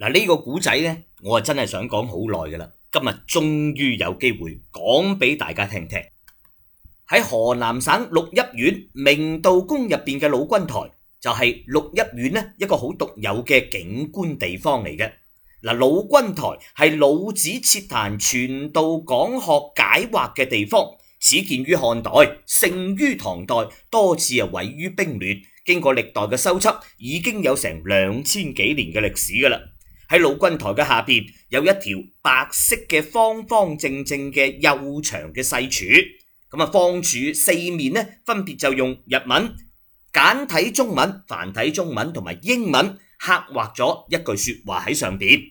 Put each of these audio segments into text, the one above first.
嗱，呢個古仔呢，我真係想講好耐噶啦，今日終於有機會講俾大家聽聽。喺河南省鹿邑縣明道宮入邊嘅老君台，就係鹿邑縣呢一個好獨有嘅景觀地方嚟嘅。嗱，老君台係老子設壇傳道講學解惑嘅地方，始建於漢代，盛於唐代，多次啊毀於兵亂，經過歷代嘅修葺，已經有成兩千幾年嘅歷史噶啦。喺老君台嘅下邊有一條白色嘅方方正正嘅幼長嘅細柱，咁啊方柱四面呢，分別就用日文、簡體中文、繁體中文同埋英文刻畫咗一句說話喺上邊，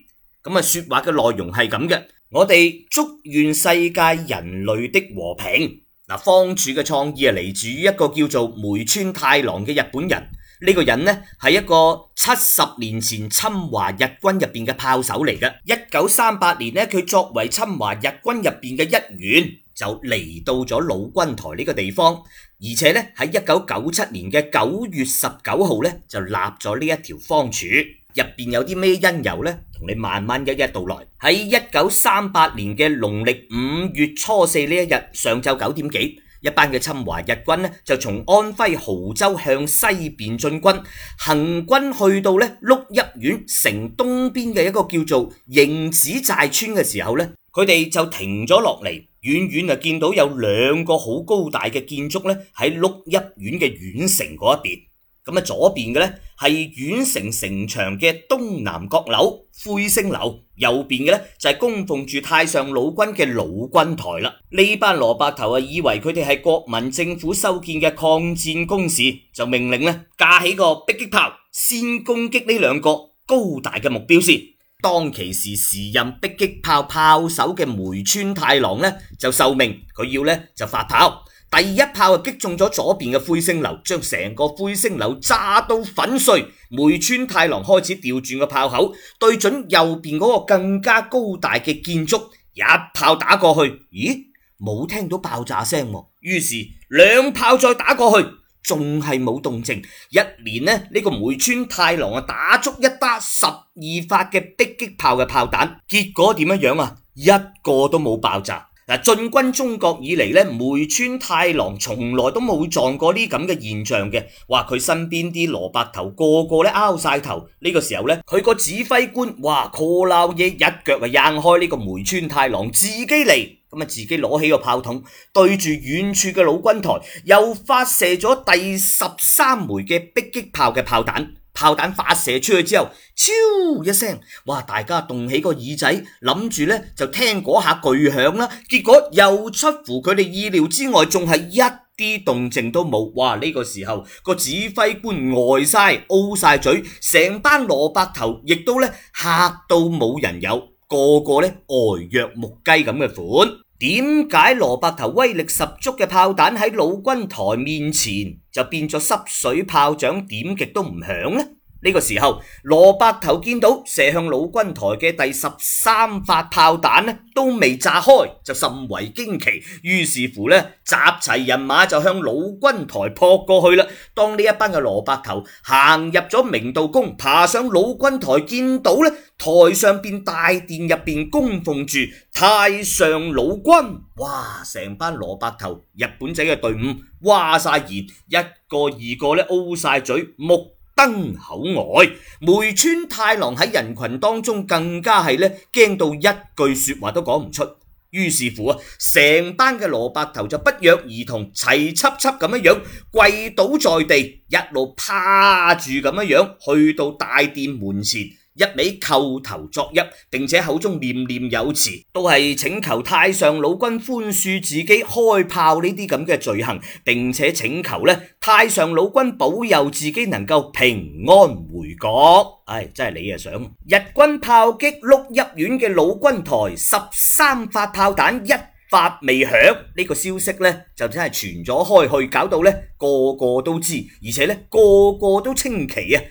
咁啊說話嘅內容係咁嘅，我哋祝願世界人類的和平。嗱，方柱嘅創意啊嚟自一個叫做梅川太郎嘅日本人。呢個人呢係一個七十年前侵華日軍入邊嘅炮手嚟嘅。一九三八年呢，佢作為侵華日軍入邊嘅一員，就嚟到咗老君台呢個地方，而且呢喺一九九七年嘅九月十九號呢，就立咗呢一條方柱，入邊有啲咩因由呢？同你慢慢一一道來。喺一九三八年嘅農曆五月初四呢一日上晝九點幾。一班嘅侵華日軍呢，就從安徽亳州向西邊進軍，行軍去到呢鹿邑縣城東邊嘅一個叫做營子寨村嘅時候呢，佢哋就停咗落嚟，遠遠就見到有兩個好高大嘅建築呢，喺鹿邑縣嘅縣城嗰一邊。咁啊，左邊嘅咧係縣城城牆嘅東南角樓灰星樓，右邊嘅咧就係供奉住太上老君嘅老君台啦。呢班蘿蔔頭啊，以為佢哋係國民政府修建嘅抗戰工事，就命令咧架起個迫擊炮，先攻擊呢兩個高大嘅目標先。當其時，時任迫擊炮炮手嘅梅川太郎咧就受命，佢要咧就發炮。第一炮啊擊中咗左邊嘅灰星樓，將成個灰星樓炸到粉碎。梅村太郎開始調轉個炮口，對準右邊嗰個更加高大嘅建築，一炮打過去。咦，冇聽到爆炸聲啊。於是兩炮再打過去，仲係冇動靜。一連呢呢、呢個梅村太郎啊打足一打十二發嘅迫擊炮嘅炮彈，結果點樣樣啊？一個都冇爆炸。嗱，進軍中國以嚟咧，梅村太郎從來都冇撞過呢咁嘅現象嘅，話佢身邊啲蘿蔔頭個個咧拗晒頭，呢個時候咧，佢個指揮官哇，破鬧嘢一腳啊掗開呢個梅村太郎，自己嚟，咁啊自己攞起個炮筒對住遠處嘅老君台，又發射咗第十三枚嘅迫擊炮嘅炮彈。炮彈發射出去之後，啾一聲，哇！大家動起個耳仔，諗住呢就聽嗰下巨響啦。結果又出乎佢哋意料之外，仲係一啲動靜都冇。哇！呢個時候個指揮官呆晒，O 晒嘴，成班蘿卜頭亦都呢吓到冇人有，個個呢呆若木雞咁嘅款。點解蘿蔔頭威力十足嘅炮彈喺老君台面前就變咗濕水炮仗，點極都唔響呢？呢個時候，蘿蔔頭見到射向老君台嘅第十三發炮彈呢，都未炸開，就甚為驚奇。於是乎呢，集齊人馬就向老君台撲過去啦。當呢一班嘅蘿蔔頭行入咗明道宮，爬上老君台，見到呢台上邊大殿入邊供奉住太上老君，哇！成班蘿蔔頭日本仔嘅隊伍哇晒言，一個二個呢，O 晒嘴，木。燈口外，梅川太郎喺人群當中更加係咧驚到一句說話都講唔出，於是乎啊，成班嘅蘿蔔頭就不約而同齊齊齊咁樣樣跪倒在地，一路趴住咁樣樣去到大殿門前。一味叩頭作揖，並且口中念念有詞，都係請求太上老君寬恕自己開炮呢啲咁嘅罪行，並且請求呢太上老君保佑自己能夠平安回國。唉、哎，真係你啊想，日軍炮擊鹿邑縣嘅老君台十三發炮彈一發未響，呢、這個消息呢，就真係傳咗開去，搞到呢個個都知，而且呢個個都稱奇啊！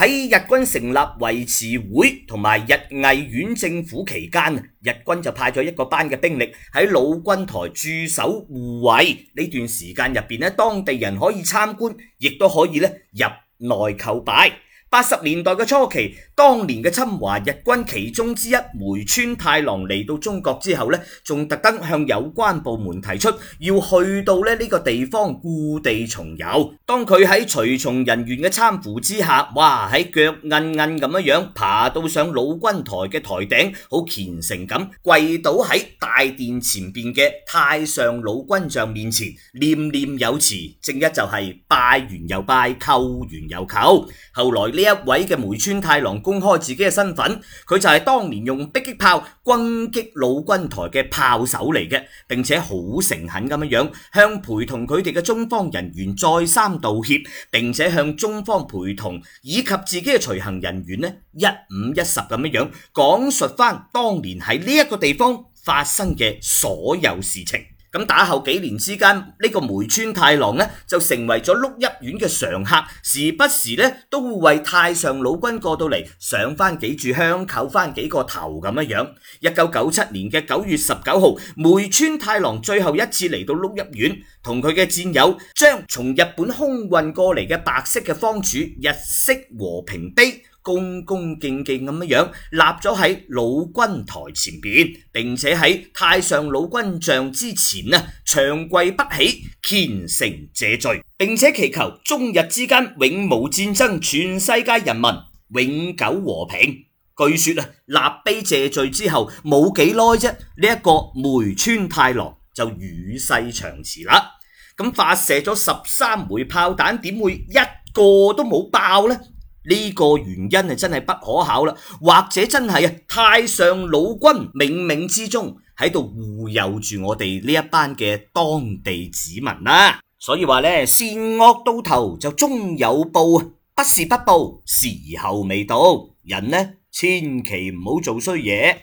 喺日軍成立維持會同埋日偽縣政府期間，日軍就派咗一個班嘅兵力喺老君台駐守護衛。呢段時間入邊咧，當地人可以參觀，亦都可以咧入內叩拜。八十年代嘅初期，當年嘅侵華日軍其中之一梅川太郎嚟到中國之後呢，仲特登向有關部門提出要去到呢個地方故地重遊。當佢喺隨從人員嘅攙扶之下，哇，喺腳韌韌咁樣爬到上老君台嘅台頂，好虔誠咁跪倒喺大殿前邊嘅太上老君像面前，念念有詞，正一就係拜完又拜，叩完又叩。後來呢？呢一位嘅梅村太郎公開自己嘅身份，佢就係當年用迫擊炮轟擊老君台嘅炮手嚟嘅，並且好誠懇咁樣樣向陪同佢哋嘅中方人員再三道歉，並且向中方陪同以及自己嘅隨行人員呢一五一十咁樣樣講述翻當年喺呢一個地方發生嘅所有事情。咁打後幾年之間，呢、這個梅村太郎呢，就成為咗鹿邑院嘅常客，時不時呢，都會為太上老君過到嚟上翻幾炷香、叩翻幾個頭咁樣。一九九七年嘅九月十九號，梅村太郎最後一次嚟到鹿邑院，同佢嘅戰友將從日本空運過嚟嘅白色嘅方柱日式和平碑。恭恭敬敬咁樣樣，公公公公立咗喺老君台前邊，並且喺太上老君像之前呢，長跪不起，虔誠謝罪，並且祈求中日之間永無戰爭，全世界人民永久和平。據說啊，立碑謝罪之後冇幾耐啫，呢一個梅村太郎就與世長辭啦。咁發射咗十三枚炮彈，點會一個都冇爆呢？呢個原因係真係不可考啦，或者真係太上老君冥冥之中喺度護佑住我哋呢一班嘅當地子民啦，啊，所以話呢，善惡到頭就終有報，不是不報，時候未到，人呢，千祈唔好做衰嘢。